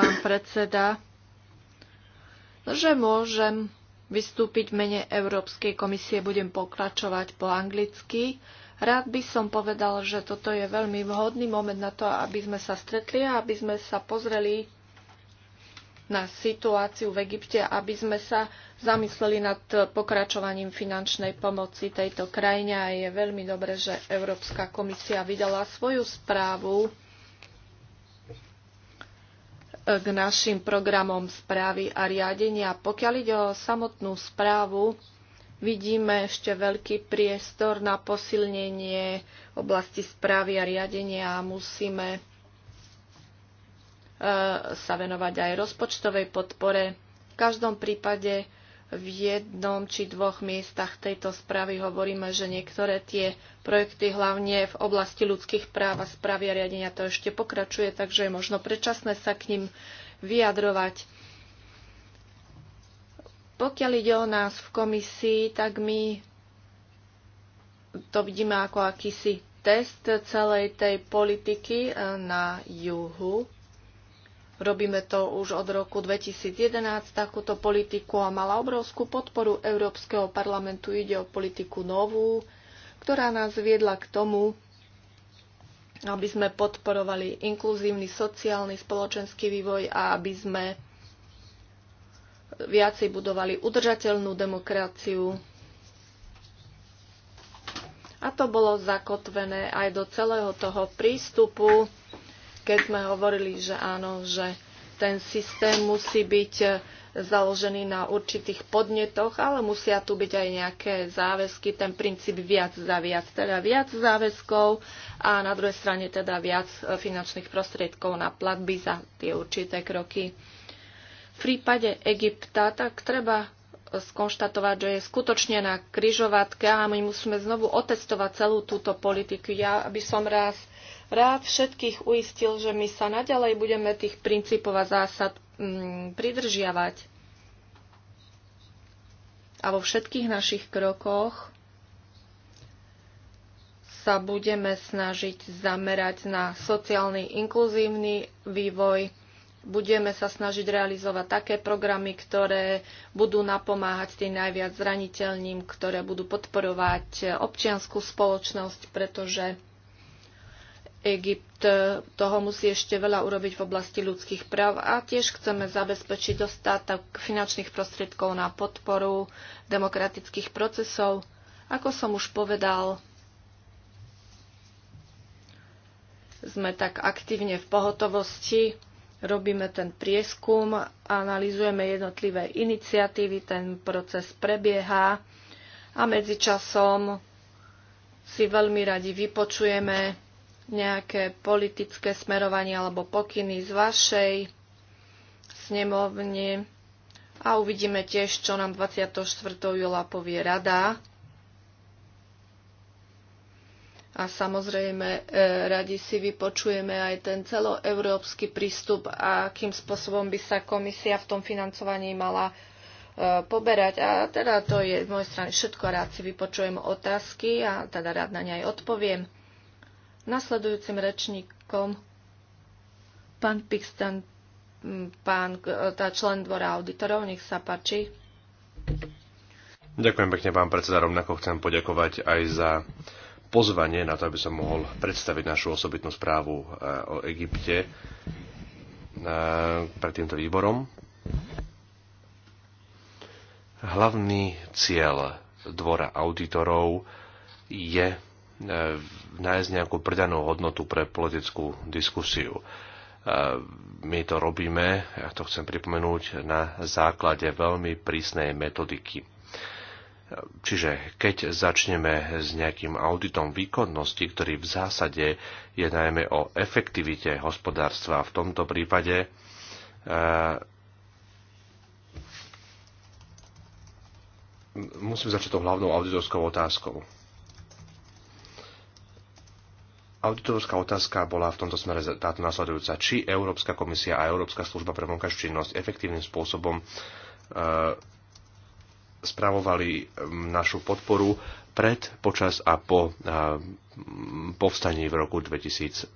pán predseda, že môžem vystúpiť v mene Európskej komisie. Budem pokračovať po anglicky. Rád by som povedal, že toto je veľmi vhodný moment na to, aby sme sa stretli a aby sme sa pozreli na situáciu v Egypte, aby sme sa zamysleli nad pokračovaním finančnej pomoci tejto krajine a je veľmi dobre, že Európska komisia vydala svoju správu k našim programom správy a riadenia. Pokiaľ ide o samotnú správu, vidíme ešte veľký priestor na posilnenie oblasti správy a riadenia a musíme e, sa venovať aj rozpočtovej podpore. V každom prípade v jednom či dvoch miestach tejto správy hovoríme, že niektoré tie projekty, hlavne v oblasti ľudských práv a správy a riadenia, to ešte pokračuje, takže je možno predčasné sa k ním vyjadrovať. Pokiaľ ide o nás v komisii, tak my to vidíme ako akýsi test celej tej politiky eh, na juhu Robíme to už od roku 2011, takúto politiku a mala obrovskú podporu Európskeho parlamentu. Ide o politiku novú, ktorá nás viedla k tomu, aby sme podporovali inkluzívny sociálny spoločenský vývoj a aby sme viacej budovali udržateľnú demokraciu. A to bolo zakotvené aj do celého toho prístupu keď sme hovorili, že áno, že ten systém musí byť e, založený na určitých podnetoch, ale musia tu byť aj nejaké záväzky, ten princíp viac za viac, teda viac záväzkov a na druhej strane teda viac e, finančných prostriedkov na platby za tie určité kroky. V prípade Egypta tak treba e, skonštatovať, že je skutočne na kryžovatke a my musíme znovu otestovať celú túto politiku. Ja by som raz rád všetkých uistil, že my sa naďalej budeme tých princípov a zásad mm, pridržiavať. A vo všetkých našich krokoch sa budeme snažiť zamerať na sociálny inkluzívny vývoj. Budeme sa snažiť realizovať také programy, ktoré budú napomáhať tým najviac zraniteľným, ktoré budú podporovať občianskú spoločnosť, pretože Egypt e, toho musí ešte veľa urobiť v oblasti ľudských práv a tiež chceme zabezpečiť dostatok finančných prostriedkov na podporu demokratických procesov. Ako som už povedal, sme tak aktívne v pohotovosti, robíme ten prieskum, analizujeme jednotlivé iniciatívy, ten proces prebieha a medzičasom si veľmi radi vypočujeme nejaké politické smerovanie alebo pokyny z vašej snemovne a uvidíme tiež, čo nám 24. júla povie rada. A samozrejme, e, radi si vypočujeme aj ten celoeurópsky prístup a akým spôsobom by sa komisia v tom financovaní mala e, poberať. A teda to je z mojej strany všetko. Rád si vypočujem otázky a teda rád na ne aj odpoviem nasledujúcim rečníkom pán Pixten, pán, e, tá člen dvora auditorov, nech sa páči. Ďakujem pekne, pán predseda. Rovnako chcem poďakovať aj za pozvanie na to, aby som mohol predstaviť našu osobitnú správu e, o Egypte e, pred týmto výborom. Hlavný cieľ dvora auditorov je E, nájsť nejakú pridanú hodnotu pre politickú diskusiu. E, my to robíme, ja to chcem pripomenúť, na základe veľmi prísnej metodiky. E, čiže keď začneme s nejakým auditom výkonnosti, ktorý v zásade je najmä o efektivite hospodárstva, v tomto prípade musím začať tou hlavnou auditorskou otázkou. Auditorská otázka bola v tomto smere táto následujúca. Či Európska komisia a Európska služba pre vonkajšiu činnosť efektívnym spôsobom e, spravovali našu podporu pred, počas a po e, povstaní v roku 2012.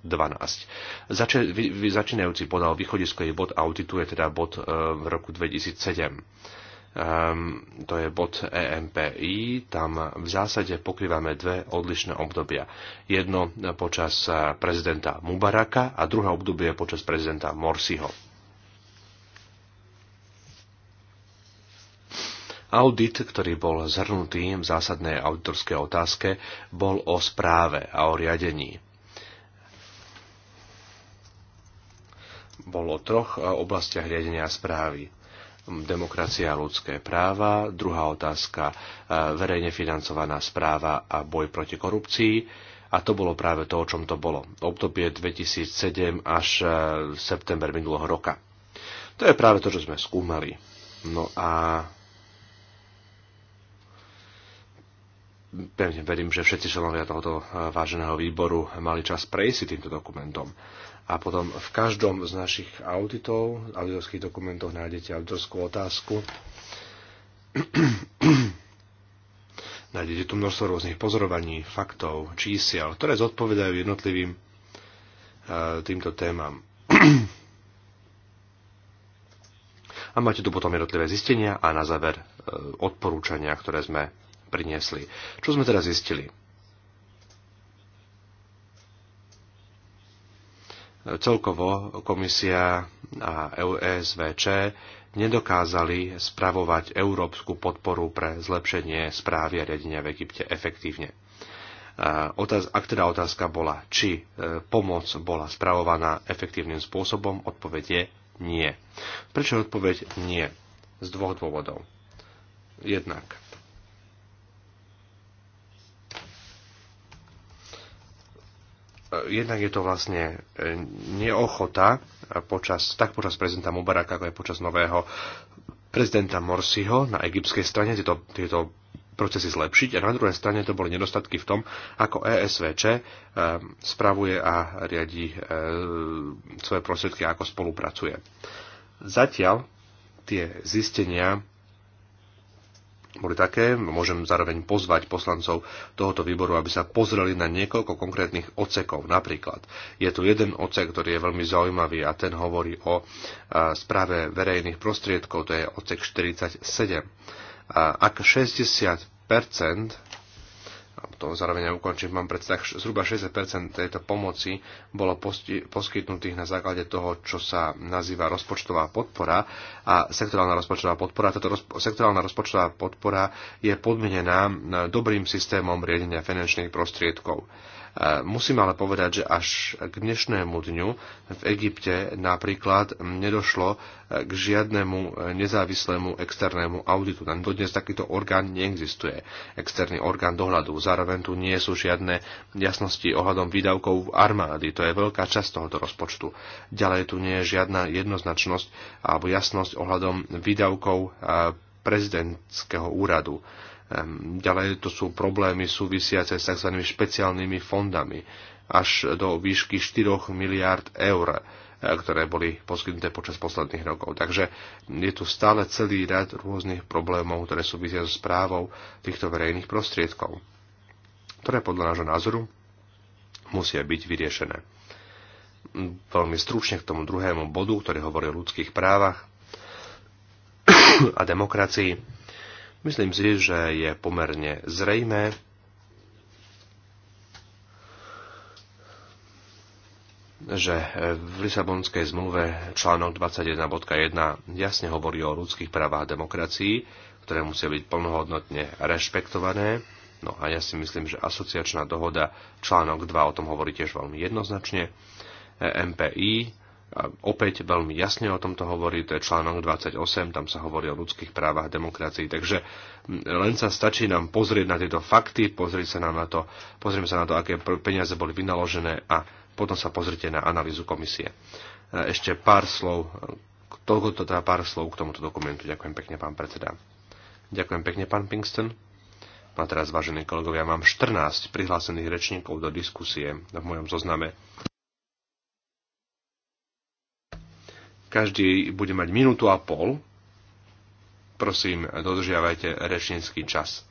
Zači, vy, vy, začínajúci podal východiskový bod auditu je teda bod e, v roku 2007 um, to je bod EMPI, tam v zásade pokrývame dve odlišné obdobia. Jedno počas eh, prezidenta Mubaraka a druhé obdobie počas prezidenta Morsiho. Audit, ktorý bol zhrnutý v zásadnej auditorskej otázke, bol o správe a o riadení. Bol o troch eh, oblastiach riadenia správy demokracia a ľudské práva, druhá otázka e, verejne financovaná správa a boj proti korupcii. A to bolo práve to, o čom to bolo. Obdobie 2007 až e, september minulého roka. To je práve to, čo sme skúmali. No a pevne verím, že všetci členovia tohoto e, váženého výboru mali čas prejsť si týmto dokumentom. A potom v každom z našich auditov, auditorských dokumentov nájdete autorskú otázku. nájdete tu množstvo rôznych pozorovaní, faktov, čísiel, ktoré zodpovedajú jednotlivým e, týmto témam. A máte tu potom jednotlivé zistenia a na záver e, odporúčania, ktoré sme priniesli. Čo sme teda zistili? Celkovo komisia a ESVČ nedokázali spravovať európsku podporu pre zlepšenie správy a riadenia v Egypte efektívne. Ak teda otázka bola, či e, pomoc bola spravovaná efektívnym spôsobom, odpoveď je nie. Prečo odpoveď nie? Z dvoch dôvodov. Jednak jednak je to vlastne e, neochota počas, tak počas prezidenta Mubaraka, ako aj počas nového prezidenta Morsiho na egyptskej strane tieto, tieto procesy zlepšiť a na druhej strane to boli nedostatky v tom, ako ESVČ e, spravuje a riadi e, svoje prostriedky a ako spolupracuje. Zatiaľ tie zistenia boli také, môžem zároveň pozvať poslancov tohoto výboru, aby sa pozreli na niekoľko konkrétnych ocekov. Napríklad je tu jeden ocek, ktorý je veľmi zaujímavý a ten hovorí o správe verejných prostriedkov, to je ocek 47. ak 60 to zároveň ukončím, mám predstav, zhruba 60% tejto pomoci bolo poskytnutých na základe toho, čo sa nazýva rozpočtová podpora a sektorálna rozpočtová podpora. Táto rozpo- sektorálna rozpočtová podpora je podmienená dobrým systémom riadenia finančných prostriedkov. Eh, musím ale povedať, že až k dnešnému dňu v Egypte napríklad nedošlo eh, k žiadnemu eh, nezávislému externému auditu. Tam dodnes takýto orgán neexistuje. Externý orgán dohľadu. Zároveň tu nie sú žiadne jasnosti ohľadom výdavkov armády. To je veľká časť tohoto rozpočtu. Ďalej tu nie je žiadna jednoznačnosť alebo jasnosť ohľadom výdavkov prezidentského úradu. Ehm, ďalej to sú problémy súvisiace s tzv. špeciálnymi fondami až do výšky 4 miliard eur e, ktoré boli poskytnuté počas posledných rokov. Takže je tu stále celý rad rôznych problémov, ktoré súvisia so správou týchto verejných prostriedkov, ktoré podľa nášho názoru musia byť vyriešené. Veľmi stručne k tomu druhému bodu, ktorý hovorí o ľudských právach a demokracii. Myslím si, že je pomerne zrejmé, že v Lisabonskej zmluve článok 21.1 jasne hovorí o ľudských právach demokracií, ktoré musia byť plnohodnotne rešpektované. No a ja si myslím, že asociačná dohoda článok 2 o tom hovorí tiež veľmi jednoznačne. E MPI opäť veľmi jasne o tomto hovorí, to je článok 28, tam sa hovorí o ľudských právach, demokracii, takže len sa stačí nám pozrieť na tieto fakty, pozrieť sa nám na to, pozrieme sa na to, aké peniaze boli vynaložené a potom sa pozrite na analýzu komisie. Ešte pár slov, toľko to teda pár slov k tomuto dokumentu. Ďakujem pekne, pán predseda. Ďakujem pekne, pán Pinkston. A teraz, vážení kolegovia, mám 14 prihlásených rečníkov do diskusie v mojom zozname. Každý bude mať minútu a pol. Prosím, dodržiavajte rečnícky čas.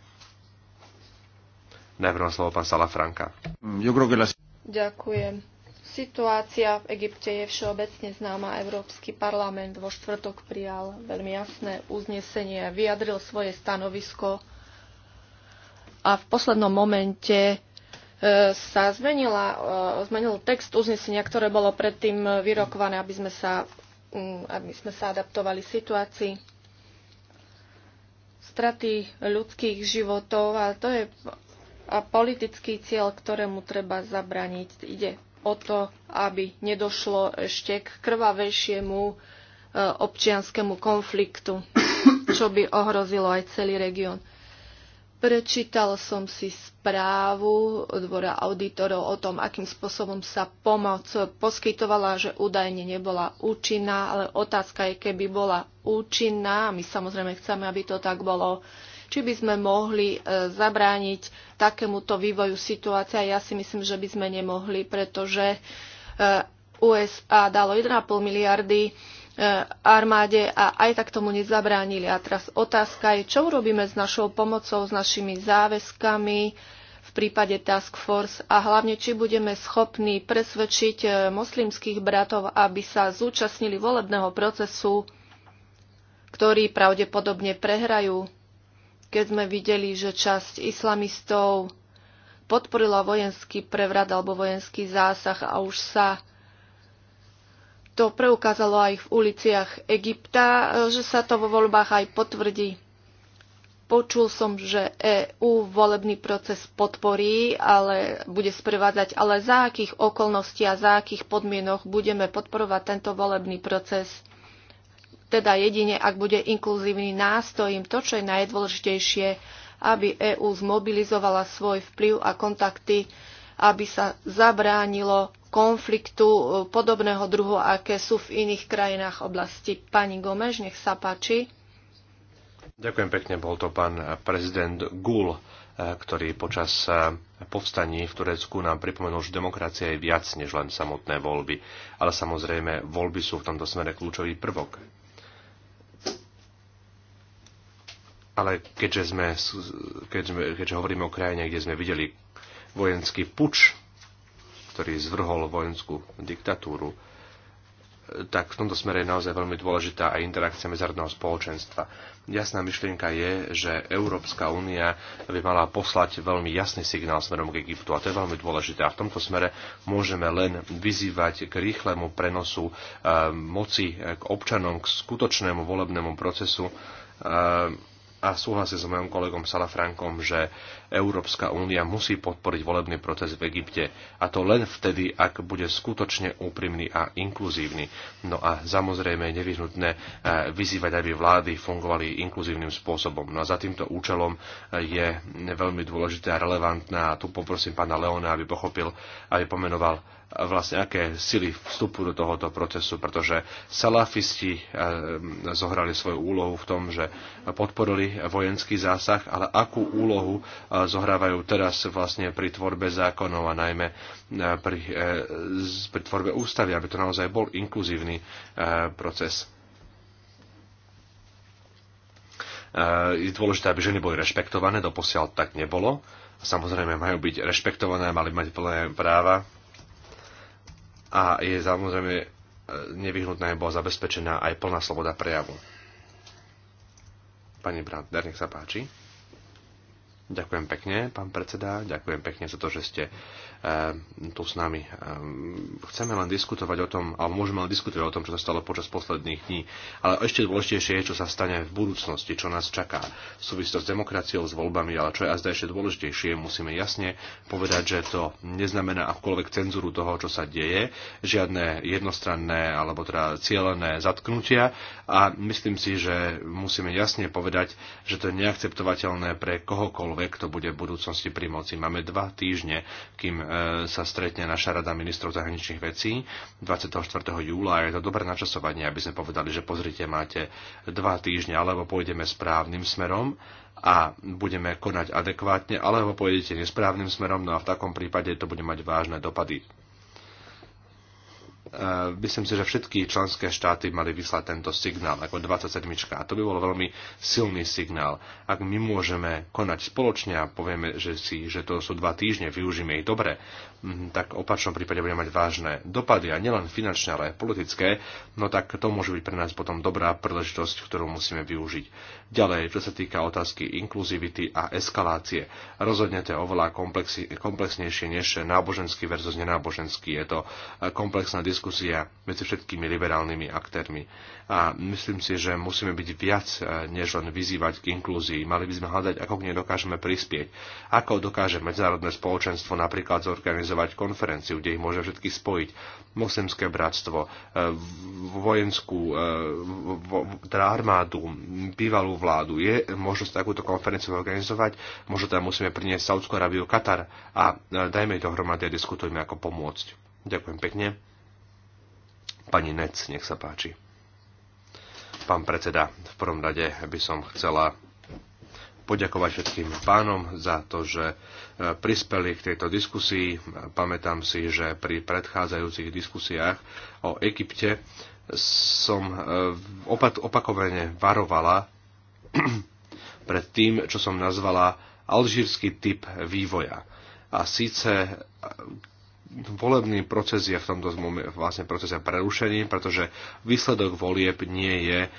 Najprv slovo pán Salafranka. Ďakujem. Situácia v Egypte je všeobecne známa. Európsky parlament vo štvrtok prijal veľmi jasné uznesenie a vyjadril svoje stanovisko. A v poslednom momente e, sa zmenila, e, zmenil text uznesenia, ktoré bolo predtým vyrokované, aby sme sa Mm, aby sme sa adaptovali situácii straty ľudských životov a to je a politický cieľ, ktorému treba zabraniť. Ide o to, aby nedošlo ešte k krvavejšiemu e, občianskému konfliktu, čo by ohrozilo aj celý región. Prečítal som si správu dvora auditorov o tom, akým spôsobom sa pomoc poskytovala, že údajne nebola účinná, ale otázka je, keby bola účinná, a my samozrejme chceme, aby to tak bolo, či by sme mohli e, zabrániť takémuto vývoju situácia. Ja si myslím, že by sme nemohli, pretože e, USA dalo 1,5 miliardy E, armáde a aj tak tomu nezabránili. A teraz otázka je, čo urobíme s našou pomocou, s našimi záväzkami v prípade Task Force a hlavne, či budeme schopní presvedčiť e, moslimských bratov, aby sa zúčastnili volebného procesu, ktorý pravdepodobne prehrajú, keď sme videli, že časť islamistov podporila vojenský prevrat alebo vojenský zásah a už sa to preukázalo aj v uliciach Egypta, e, že sa to vo voľbách aj potvrdí. Počul som, že EÚ volebný proces podporí, ale bude sprevádzať, ale za akých okolností a za akých podmienok budeme podporovať tento volebný proces. Teda jedine, ak bude inkluzívny nástojím, to, čo je najdôležitejšie, aby EÚ zmobilizovala svoj vplyv a kontakty, aby sa zabránilo konfliktu e, podobného druhu, aké sú v iných krajinách oblasti. Pani Gomež, nech sa páči. Ďakujem pekne, bol to pán prezident Gul, e, ktorý počas e, povstaní v Turecku nám pripomenul, že demokracia je viac než len samotné voľby. Ale samozrejme, voľby sú v tomto smere kľúčový prvok. Ale keďže, sme, keďže, keďže hovoríme o krajine, kde sme videli vojenský puč ktorý zvrhol vojenskú diktatúru, tak v tomto smere je naozaj veľmi dôležitá aj interakcia medzinárodného spoločenstva. Jasná myšlienka je, že Európska únia by mala poslať veľmi jasný signál smerom k Egyptu a to je veľmi dôležité. A v tomto smere môžeme len vyzývať k rýchlemu prenosu e, moci k občanom, k skutočnému volebnému procesu e, a súhlasím s mojom kolegom Salafrankom, že Európska únia musí podporiť volebný proces v Egypte a to len vtedy, ak bude skutočne úprimný a inkluzívny. No a samozrejme je nevyhnutné eh, vyzývať, aby vlády fungovali inkluzívnym spôsobom. No a za týmto účelom eh, je veľmi dôležité a relevantné a tu poprosím pána Leona, aby pochopil, aby pomenoval vlastne aké sily vstupu do tohoto procesu, pretože salafisti eh, zohrali svoju úlohu v tom, že podporili vojenský zásah, ale akú úlohu eh, zohrávajú teraz vlastne pri tvorbe zákonov a najmä eh, pri, pri tvorbe ústavy, aby to naozaj bol inkluzívny proces. Je dôležité, aby ženy boli rešpektované, doposiaľ tak nebolo. Samozrejme majú byť rešpektované, mali mať plné práva, a je samozrejme e, nevyhnutná, aby bola zabezpečená aj plná sloboda prejavu. Pani Brandner, nech sa páči. Ďakujem pekne, pán predseda, ďakujem pekne za to, že ste Ehm, tu s nami. Ehm, chceme len diskutovať o tom, alebo môžeme len diskutovať o tom, čo sa stalo počas posledných dní, ale ešte dôležitejšie je, čo sa stane v budúcnosti, čo nás čaká. v to s demokraciou, s voľbami, ale čo je azda ešte dôležitejšie, musíme jasne povedať, že to neznamená akúkoľvek cenzúru toho, čo sa deje, žiadne jednostranné alebo teda cieľené zatknutia a myslím si, že musíme jasne povedať, že to je neakceptovateľné pre kohokoľvek, kto bude v budúcnosti pri moci. Máme dva týždne, kým E, sa stretne naša rada ministrov zahraničných vecí 24. júla a je to dobré načasovanie, aby sme povedali, že pozrite, máte dva týždne, alebo pôjdeme správnym smerom a budeme konať adekvátne, alebo pôjdete nesprávnym smerom, no a v takom prípade to bude mať vážne dopady Eh, myslím si, že všetky členské štáty mali vyslať tento signál ako 27. A to by bol veľmi silný signál. Ak my môžeme konať spoločne a povieme, že, si, že to sú dva týždne, využíme ich dobre, hm, tak v opačnom prípade bude mať vážne dopady a nielen finančné, ale aj politické, no tak to môže byť pre nás potom dobrá príležitosť, ktorú musíme využiť. Ďalej, čo sa týka otázky inkluzivity a eskalácie, rozhodne to je oveľa komplexnejšie než náboženský versus nenáboženský. Je to eh, komplexná diskusia medzi všetkými liberálnymi aktérmi. A myslím si, že musíme byť viac, e, než len vyzývať k inklúzii. Mali by sme hľadať, ako k nej dokážeme prispieť. Ako dokáže medzinárodné spoločenstvo napríklad zorganizovať konferenciu, kde ich môže všetky spojiť. Moslimské bratstvo, e, vojenskú, e, teda armádu, bývalú vládu. Je možnosť takúto konferenciu organizovať? Možno tam musíme priniesť Saudskú Arabiu, Katar a dajme ich dohromady a diskutujme, ako pomôcť. Ďakujem pekne. Pani Nec, nech sa páči. Pán predseda, v prvom rade by som chcela poďakovať všetkým pánom za to, že e, prispeli k tejto diskusii. Pamätám si, že pri predchádzajúcich diskusiách o Egypte som e, opakovane varovala pred tým, čo som nazvala alžírsky typ vývoja. A síce volebný proces je v tomto vlastne procese prerušený, pretože výsledok volieb nie je e,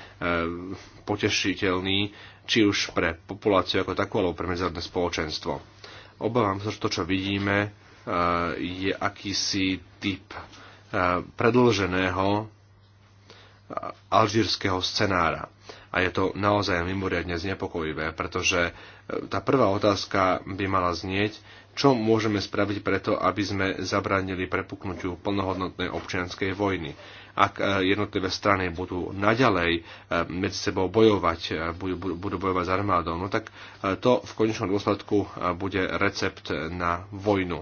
potešiteľný či už pre populáciu ako takú, alebo pre medzinárodné spoločenstvo. Obávam sa, že to, čo vidíme, e, je akýsi typ e, predlženého e, alžírskeho scenára. A je to naozaj mimoriadne znepokojivé, pretože tá prvá otázka by mala znieť, čo môžeme spraviť preto, aby sme zabránili prepuknutiu plnohodnotnej občianskej vojny. Ak e, jednotlivé strany budú naďalej e, medzi sebou bojovať, e, budú, budú bojovať s armádou, no tak to v konečnom dôsledku bude recept na vojnu.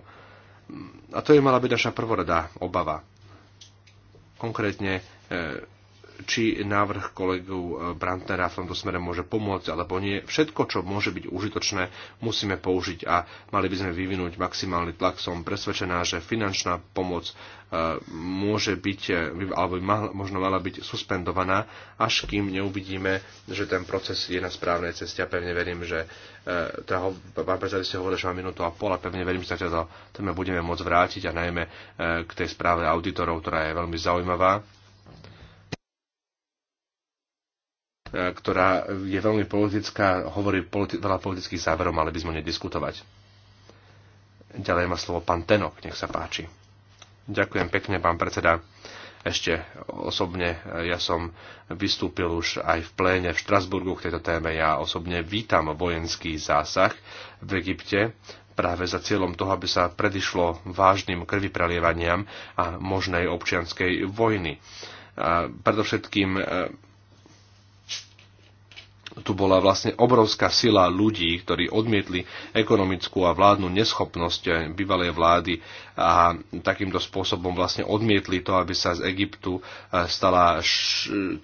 A to je mala byť naša prvoradá obava. Konkrétne či návrh kolegov e, Brantnera v tomto smere môže pomôcť alebo nie. Všetko, čo môže byť užitočné, musíme použiť a mali by sme vyvinúť maximálny tlak. Som presvedčená, že finančná pomoc e, môže byť, e, alebo by možno mala byť suspendovaná, až kým neuvidíme, že ten proces je na správnej ceste a pevne verím, že toho, teda pán predseda, ste hovorili, že mám minútu a pol a pevne verím, že sa teda budeme môcť vrátiť a najmä k tej správe auditorov, ktorá je veľmi zaujímavá E, ktorá je veľmi politická, hovorí politi- veľa politických záverov, ale by sme nediskutovať. Ďalej má slovo pán Tenok, nech sa páči. Ďakujem pekne, pán predseda. Ešte osobne e, ja som vystúpil už aj v pléne v Štrasburgu k tejto téme. Ja osobne vítam vojenský zásah v Egypte práve za cieľom toho, aby sa predišlo vážnym krviprelievaniam a možnej občianskej vojny. A predovšetkým e, tu bola vlastne obrovská sila ľudí, ktorí odmietli ekonomickú a vládnu neschopnosť eh, bývalej vlády a takýmto spôsobom vlastne odmietli to, aby sa z Egyptu eh, stala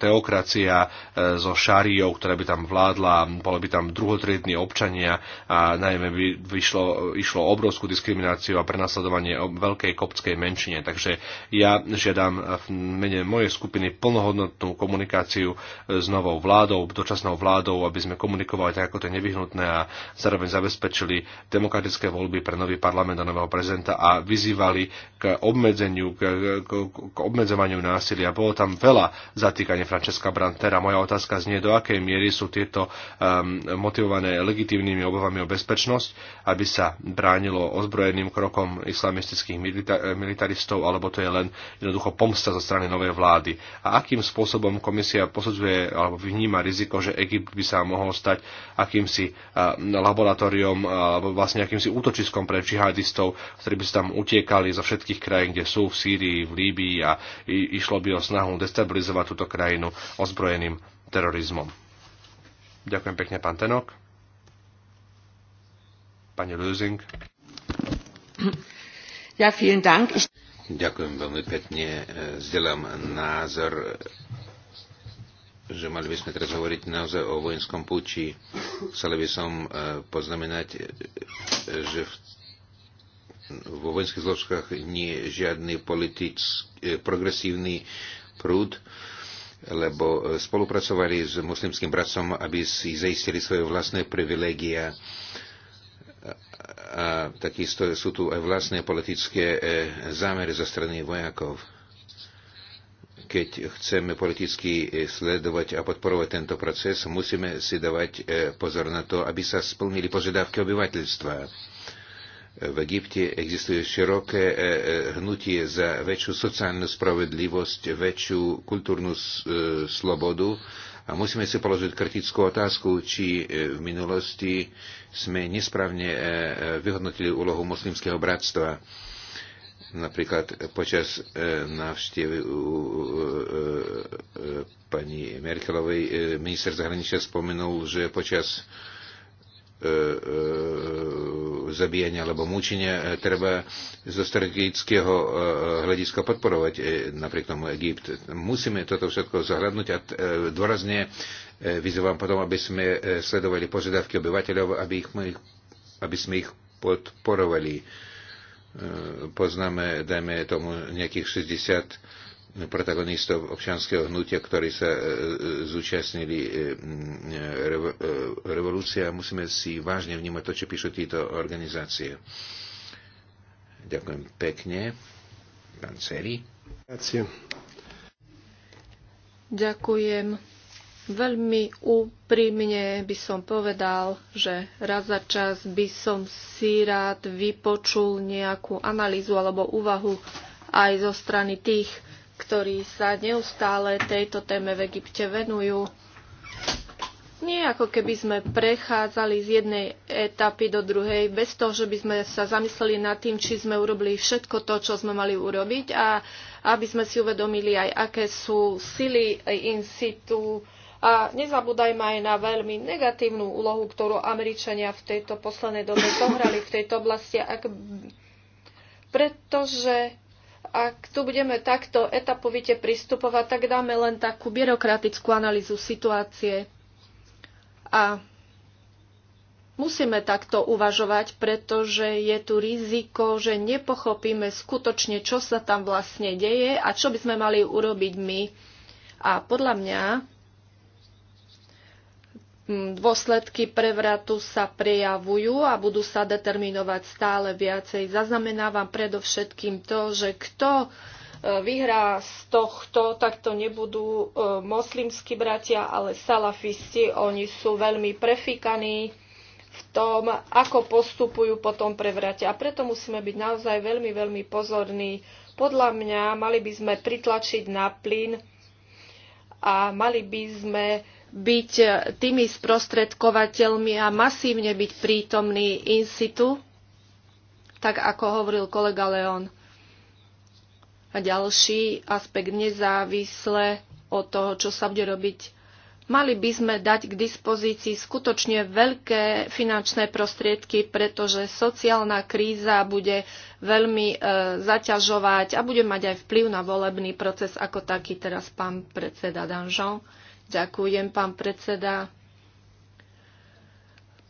teokracia eh, so šáriou, ktorá by tam vládla, boli by tam druhotriední občania a najmä by vyšlo, išlo obrovskú diskrimináciu a prenasledovanie veľkej kopskej menšine. Takže ja žiadam v mene mojej skupiny plnohodnotnú komunikáciu s novou vládou, dočasnou vládou, vládou, aby sme komunikovali tak, ako to je nevyhnutné a zároveň zabezpečili demokratické voľby pre nový parlament a nového prezidenta a vyzývali k obmedzeniu, k, k, k obmedzovaniu násilia. Bolo tam veľa zatýkania Francesca Brantera. Moja otázka znie, do akej miery sú tieto um, motivované legitívnymi obavami o bezpečnosť, aby sa bránilo ozbrojeným krokom islamistických milita- militaristov, alebo to je len jednoducho pomsta zo strany novej vlády. A akým spôsobom komisia posudzuje alebo vníma riziko, že Egypt by sa mohol stať akýmsi laboratóriom, alebo vlastne akýmsi útočiskom pre džihadistov, ktorí by sa tam utiekali zo všetkých krajín, kde sú v Sýrii, v Líbii a išlo by o snahu destabilizovať túto krajinu ozbrojeným terorizmom. Ďakujem pekne, pán Tenok. Pani Lusing. Ja, vielen Dank. Ďakujem veľmi pekne. Zdieľam názor že mali by sme teraz hovoriť naozaj o vojenskom púči, Chcel by som e, poznamenať, e, že v, vo vojenských zložkách nie je žiadny politický, e, progresívny prúd, lebo spolupracovali s muslimským bratstvom, aby si zaistili svoje vlastné privilégia. A takisto sú tu aj vlastné politické zámery zo strany vojakov keď chceme politicky e, sledovať a podporovať tento proces, musíme si dávať e, pozor na to, aby sa splnili požiadavky obyvateľstva. V Egypte existuje široké e, hnutie za väčšiu sociálnu spravedlivosť, väčšiu kultúrnu slobodu a musíme si položiť kritickú otázku, či v minulosti sme nesprávne vyhodnotili úlohu moslimského bratstva Napríklad počas e, návštevy u e, e, pani Merkelovej minister zahraničia spomenul, že počas zabíjania alebo mučenia treba zo strategického hľadiska podporovať napriek tomu Egypt. Musíme toto všetko zahľadnúť a dôrazne vyzývam potom, aby sme sledovali požiadavky obyvateľov, aby, ich, aby sme ich podporovali E, poznáme, dajme tomu, nejakých 60 protagonistov občanského hnutia, ktorí sa e, e, zúčastnili revolúcie a musíme si vážne vnímať to, čo píšu títo organizácie. Ďakujem pekne. Pán Ceri. Ďakujem. Veľmi úprimne by som povedal, že raz za čas by som si rád vypočul nejakú analýzu alebo úvahu aj zo strany tých, ktorí sa neustále tejto téme v Egypte venujú. Nie ako keby sme prechádzali z jednej etapy do druhej bez toho, že by sme sa zamysleli nad tým, či sme urobili všetko to, čo sme mali urobiť a aby sme si uvedomili aj, aké sú sily in situ, a nezabúdajme aj na veľmi negatívnu úlohu, ktorú Američania v tejto poslednej dobe zohrali v tejto oblasti, ak, pretože ak tu budeme takto etapovite pristupovať, tak dáme len takú byrokratickú analýzu situácie. A musíme takto uvažovať, pretože je tu riziko, že nepochopíme skutočne, čo sa tam vlastne deje a čo by sme mali urobiť my. A podľa mňa Dôsledky prevratu sa prejavujú a budú sa determinovať stále viacej. Zaznamenávam predovšetkým to, že kto e, vyhrá z tohto, tak to nebudú e, moslimskí bratia, ale salafisti. Oni sú veľmi prefikaní v tom, ako postupujú po tom prevrate. A preto musíme byť naozaj veľmi, veľmi pozorní. Podľa mňa mali by sme pritlačiť na plyn a mali by sme byť e, tými sprostredkovateľmi a masívne byť prítomný in situ, tak ako hovoril kolega Leon. A ďalší aspekt nezávisle od toho, čo sa bude robiť mali by sme dať k dispozícii skutočne veľké finančné prostriedky, pretože sociálna kríza bude veľmi e, zaťažovať a bude mať aj vplyv na volebný proces ako taký teraz pán predseda Danžon. Ďakujem, pán predseda.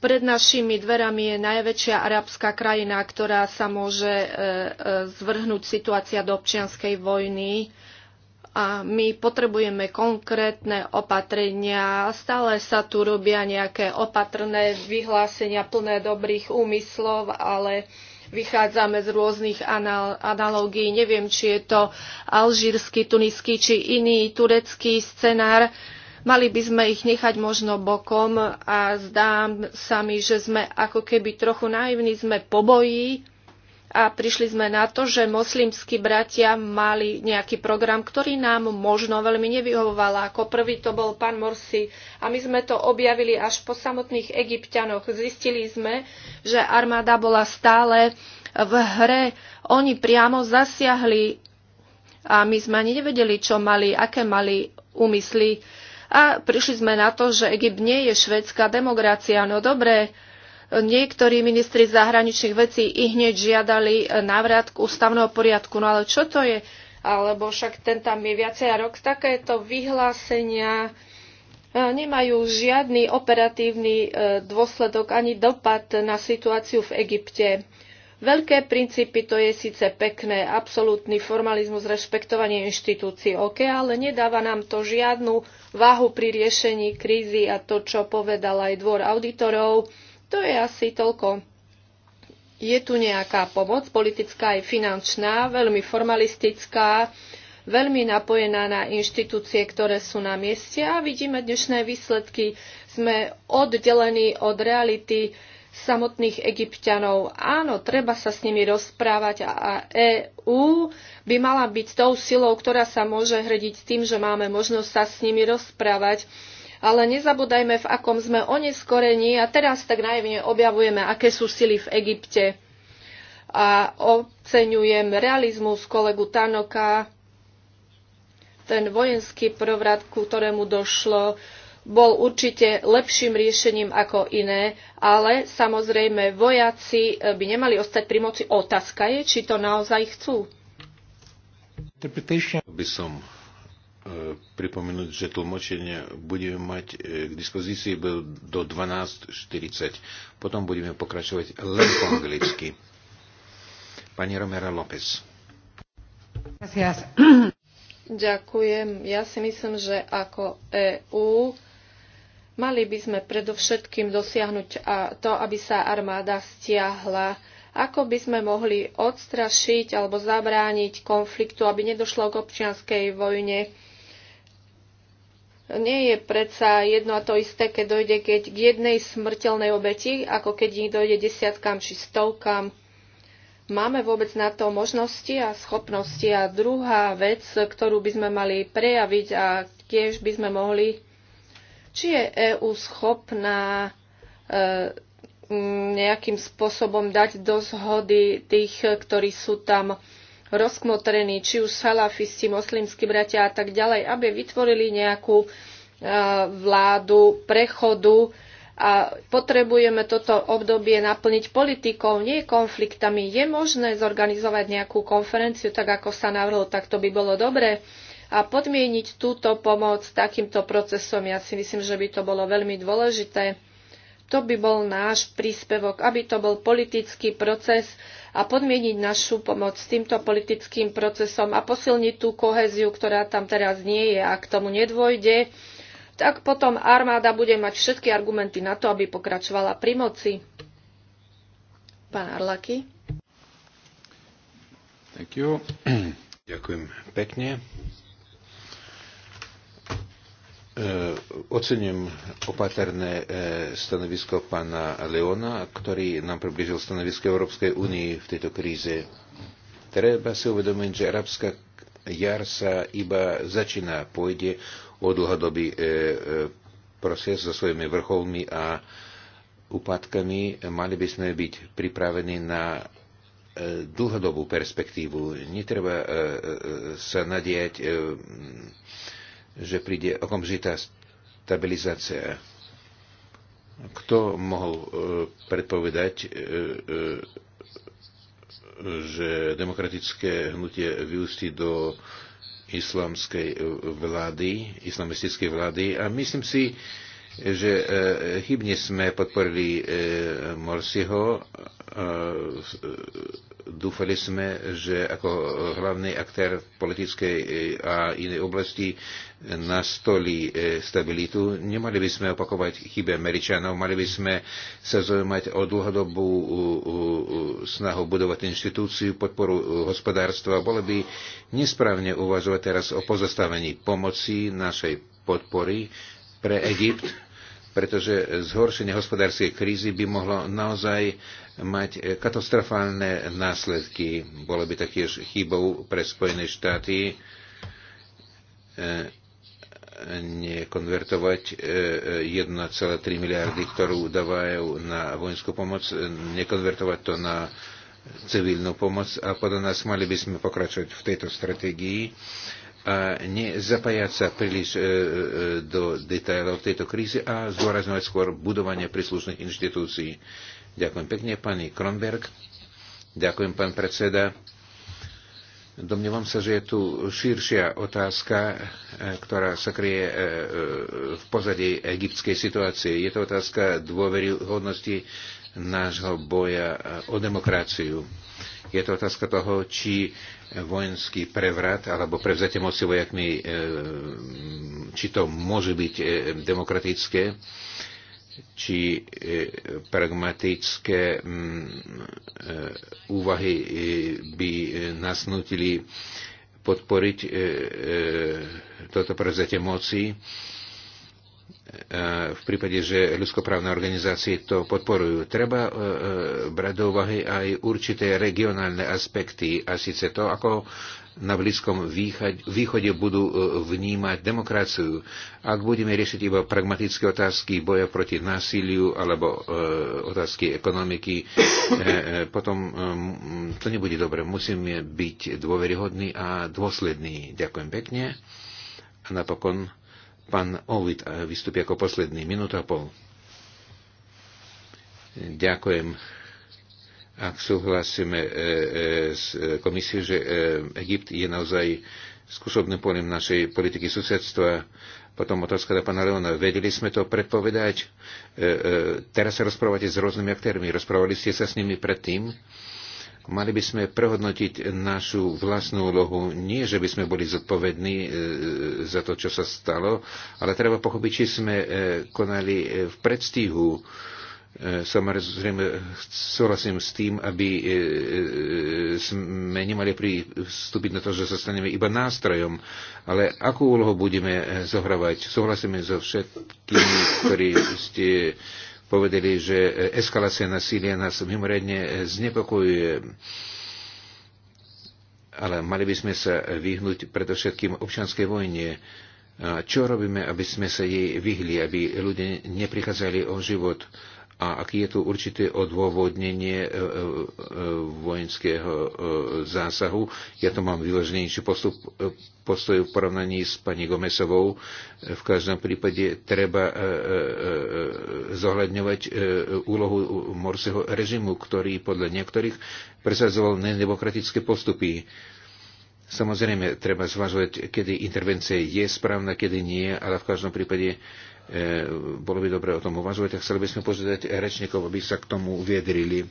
Pred našimi dverami je najväčšia arabská krajina, ktorá sa môže e, e, zvrhnúť situácia do občianskej vojny a my potrebujeme konkrétne opatrenia. Stále sa tu robia nejaké opatrné vyhlásenia plné dobrých úmyslov, ale vychádzame z rôznych anal- analógií. Neviem, či je to alžírsky, tuniský či iný turecký scenár. Mali by sme ich nechať možno bokom a zdám sa mi, že sme ako keby trochu naivní, sme pobojí a prišli sme na to, že moslimskí bratia mali nejaký program, ktorý nám možno veľmi nevyhovoval. Ako prvý to bol pán Morsi a my sme to objavili až po samotných egyptianoch. Zistili sme, že armáda bola stále v hre. Oni priamo zasiahli a my sme ani nevedeli, čo mali, aké mali úmysly a prišli sme na to, že Egypt nie je švedská demokracia. No dobré, niektorí ministri zahraničných vecí i hneď žiadali návrat k ústavného poriadku. No ale čo to je? Alebo však ten tam je viacej rok. Takéto vyhlásenia e, nemajú žiadny operatívny e, dôsledok ani dopad na situáciu v Egypte. Veľké princípy to je síce pekné, absolútny formalizmus, rešpektovanie inštitúcií, OK, ale nedáva nám to žiadnu váhu pri riešení krízy a to, čo povedal aj dvor auditorov, to je asi toľko. Je tu nejaká pomoc, politická aj finančná, veľmi formalistická, veľmi napojená na inštitúcie, ktoré sú na mieste a vidíme dnešné výsledky. Sme oddelení od reality samotných egyptianov. Áno, treba sa s nimi rozprávať a EÚ by mala byť tou silou, ktorá sa môže hrediť tým, že máme možnosť sa s nimi rozprávať. Ale nezabúdajme, v akom sme oneskorení a teraz tak najevne objavujeme, aké sú sily v Egypte. A oceňujem realizmus kolegu Tanoka, ten vojenský provrat, ku ktorému došlo, bol určite lepším riešením ako iné, ale samozrejme vojaci eh, by nemali ostať pri moci. Otázka je, či to naozaj chcú. By som eh, pripomenúť, že tlmočenie budeme mať eh, k dispozícii do 12.40. Potom budeme pokračovať len po anglicky. Pani Romera López. Ďakujem. Ja si myslím, že ako EÚ EU Mali by sme predovšetkým dosiahnuť to, aby sa armáda stiahla. Ako by sme mohli odstrašiť alebo zabrániť konfliktu, aby nedošlo k občianskej vojne? Nie je predsa jedno a to isté, keď dojde keď k jednej smrteľnej obeti, ako keď ich dojde desiatkam či stovkam. Máme vôbec na to možnosti a schopnosti. A druhá vec, ktorú by sme mali prejaviť a tiež by sme mohli či je EÚ schopná e, nejakým spôsobom dať do zhody tých, ktorí sú tam rozkmotrení, či už salafisti, moslimskí bratia a tak ďalej, aby vytvorili nejakú e, vládu prechodu a potrebujeme toto obdobie naplniť politikou, nie konfliktami. Je možné zorganizovať nejakú konferenciu, tak ako sa navrhlo, tak to by bolo dobré a podmieniť túto pomoc takýmto procesom. Ja si myslím, že by to bolo veľmi dôležité. To by bol náš príspevok, aby to bol politický proces a podmieniť našu pomoc s týmto politickým procesom a posilniť tú koheziu, ktorá tam teraz nie je. a k tomu nedôjde, tak potom armáda bude mať všetky argumenty na to, aby pokračovala pri moci. Pán Arlaky. Ďakujem pekne. E, ocením opatrné e, stanovisko pána Leona, ktorý nám približil stanovisko Európskej únie v tejto kríze. Treba si uvedomiť, že arabská jar sa iba začína, pôjde o dlhodobý e, proces so svojimi vrcholmi a úpadkami. Mali by sme byť pripravení na dlhodobú perspektívu. Netreba sa nadiať že príde okamžitá stabilizácia. Kto mohol e, predpovedať, e, e, že demokratické hnutie vyústi do islamskej vlády, islamistickej vlády a myslím si, že e, chybne sme podporili e, Morsiho. E, dúfali sme, že ako hlavný aktér v politickej a inej oblasti nastolí stabilitu. Nemali by sme opakovať chyby Američanov, mali by sme sa zaujímať o dlhodobú snahu budovať inštitúciu, podporu hospodárstva. Bolo by nesprávne uvažovať teraz o pozastavení pomoci našej podpory pre Egypt pretože zhoršenie hospodárskej krízy by mohlo naozaj mať katastrofálne následky. Bolo by taktiež chybou pre Spojené štáty e, nekonvertovať 1,3 e, miliardy, ktorú dávajú na vojenskú pomoc, nekonvertovať to na civilnú pomoc a podľa nás mali by sme pokračovať v tejto strategii a nezapájať sa príliš e, e, do detailov tejto krízy a zdôrazňovať skôr budovanie príslušných inštitúcií. Ďakujem pekne, pani Kronberg. Ďakujem, pán predseda. Domnievam sa, že je tu širšia otázka, e, ktorá sa kryje v pozadí egyptskej situácie. Je to otázka dôveryhodnosti nášho boja o demokraciu. Je to otázka toho, či vojenský prevrat alebo prevzatie moci vojakmi, e, či to môže byť e, demokratické, či e, pragmatické mm, úvahy by nás nutili podporiť toto prevzatie moci v prípade, že ľudskoprávne organizácie to podporujú. Treba e, e, brať do úvahy aj určité regionálne aspekty a síce to, ako na Blízkom východe budú e, vnímať demokraciu. Ak budeme riešiť iba pragmatické otázky boja proti násiliu alebo otázky ekonomiky, potom to nebude dobre. Musíme byť dôveryhodní a dôslední. Ďakujem pekne. A napokon Pán Ovid eh, vystúpi ako posledný, minúta a pol. Ďakujem. Ak súhlasíme eh, eh, s komisiou, že Egypt je naozaj skúsobným poliem našej politiky susedstva, potom otázka do pána Leona. Vedeli sme to predpovedať? E, e, teraz sa rozprávate s rôznymi aktérmi. Rozprávali ste sa s nimi predtým? Mali by sme prehodnotiť našu vlastnú úlohu. Nie, že by sme boli zodpovední e, za to, čo sa stalo, ale treba pochopiť, či sme e, konali e, v predstihu. Samozrejme, súhlasím s tým, aby sme nemali pristúpiť na to, že sa staneme iba nástrojom, ale akú úlohu budeme zohrávať? Súhlasíme so všetkými, ktorí ste povedali, že eskalácia nasilia nás mimoriadne znepokojuje. Ale mali by sme sa vyhnúť predovšetkým občanskej vojne. Čo robíme, aby sme sa jej vyhli, aby ľudia neprichádzali o život? a aký je tu určité odôvodnenie e, e, e, vojenského zásahu. Ja to mám vyloženejší postup, postoj v porovnaní s pani Gomesovou. V každom prípade treba zohľadňovať úlohu morského režimu, ktorý podľa niektorých presadzoval nedemokratické postupy. Samozrejme, treba zvažovať, kedy intervencia je správna, kedy nie, ale v každom prípade E, bolo by dobre o tom uvažovať a chceli by sme požiadať rečníkov, aby sa k tomu uviedrili.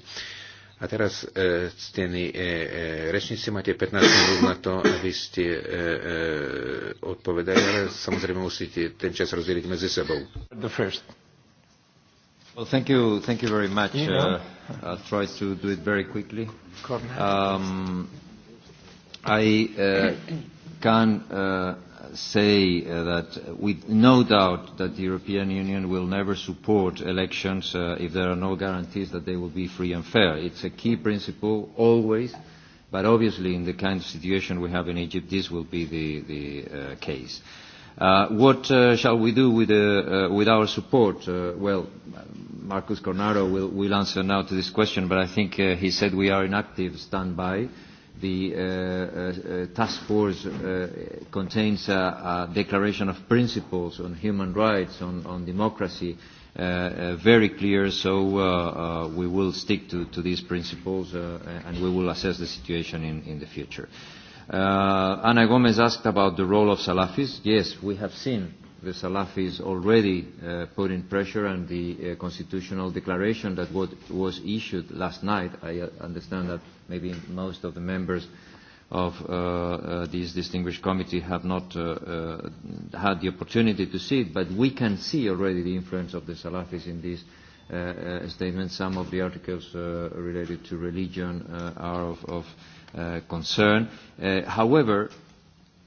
A teraz, e, ctení e, rečníci, máte 15 minút na to, aby ste odpovedali, ale samozrejme musíte ten čas rozdeliť medzi sebou. The first. Well, thank you, thank you very much. You know? uh, I'll try to do it very quickly. Um, I, uh, can uh, say uh, that with no doubt that the European Union will never support elections uh, if there are no guarantees that they will be free and fair. It's a key principle always, but obviously in the kind of situation we have in Egypt, this will be the, the uh, case. Uh, what uh, shall we do with, uh, uh, with our support? Uh, well, Marcus Cornaro will, will answer now to this question, but I think uh, he said we are in active standby the uh, uh, task force uh, contains a, a declaration of principles on human rights, on, on democracy, uh, uh, very clear, so uh, uh, we will stick to, to these principles uh, and we will assess the situation in, in the future. Uh, Ana Gomez asked about the role of Salafis. Yes, we have seen uh, the Salafis already uh, put in pressure and the uh, constitutional declaration that what was issued last night, I uh, understand that maybe most of the members of uh, uh, this distinguished committee have not uh, uh, had the opportunity to see it, but we can see already the influence of the Salafis in this uh, uh, statement. Some of the articles uh, related to religion uh, are of, of uh, concern. Uh, however,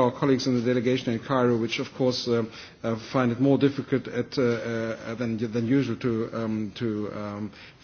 our colleagues in the delegation in Cairo, which of course um, uh, find it more difficult at, uh, uh, than, than usual to, um, to um,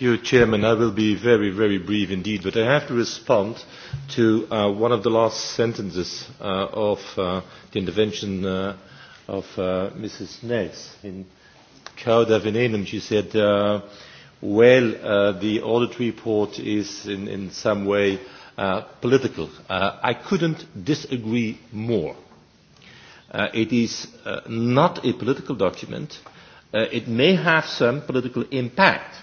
You, Chairman, I will be very, very brief indeed, but I have to respond to uh, one of the last sentences uh, of uh, the intervention of Mrs. Ness. In Cauda Venenum, she said, well, the audit report is in, some way political. Uh, I couldn't disagree more. it is not a political document. it may have some political impact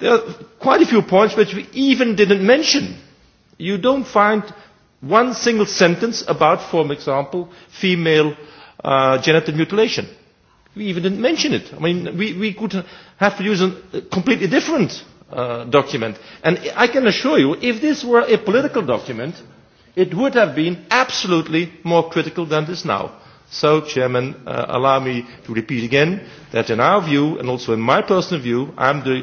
There are quite a few points which we even didn't mention. You don't find one single sentence about, for example, female uh, genital mutilation. We even didn't mention it. I mean, we, we could have use a completely different uh, document. And I can assure you, if this were a political document, it would have been absolutely more critical than this now. So, Chairman, uh, allow me to repeat again that in our view, and also in my personal view, I'm the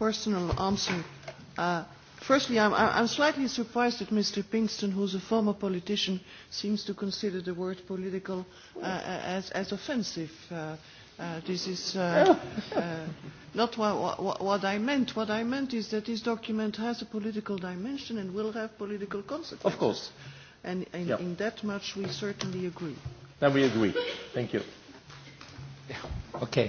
personal answer. Uh, firstly, I'm, I'm slightly surprised that Mr. Pinkston, who's a former politician, seems to consider the word political uh, uh as, as offensive. Uh, Uh, this is uh, uh, not what, what, what I meant. What I meant is that this document has a political dimension and will have political consequences. Of course. And and yep. in that much we certainly agree. Then we agree. Thank you. Yeah. Okay.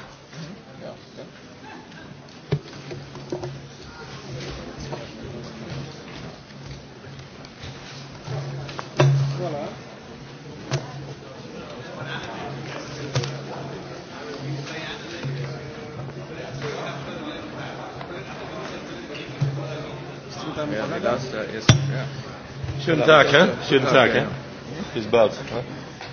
Lars, da ist. Ja. Schönen Tag, hä? Schönen Tag, hä? Bis bald.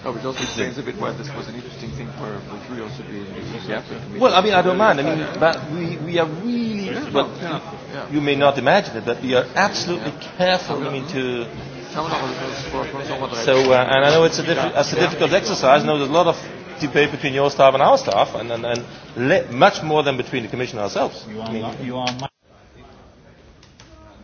No, but also explains a bit why this was an interesting thing for the three also being the African Well, I mean, I don't mind. I mean, but we, we are really, Yeah, well, yeah. yeah. you may not imagine it, but we are absolutely yeah. careful, I mean, to... So, uh, and I know it's a, diffi- yeah. it's a difficult yeah. exercise. I know there's a lot of debate between your staff and our staff, and, and, and le- much more than between the Commission ourselves. You are, I mean, you are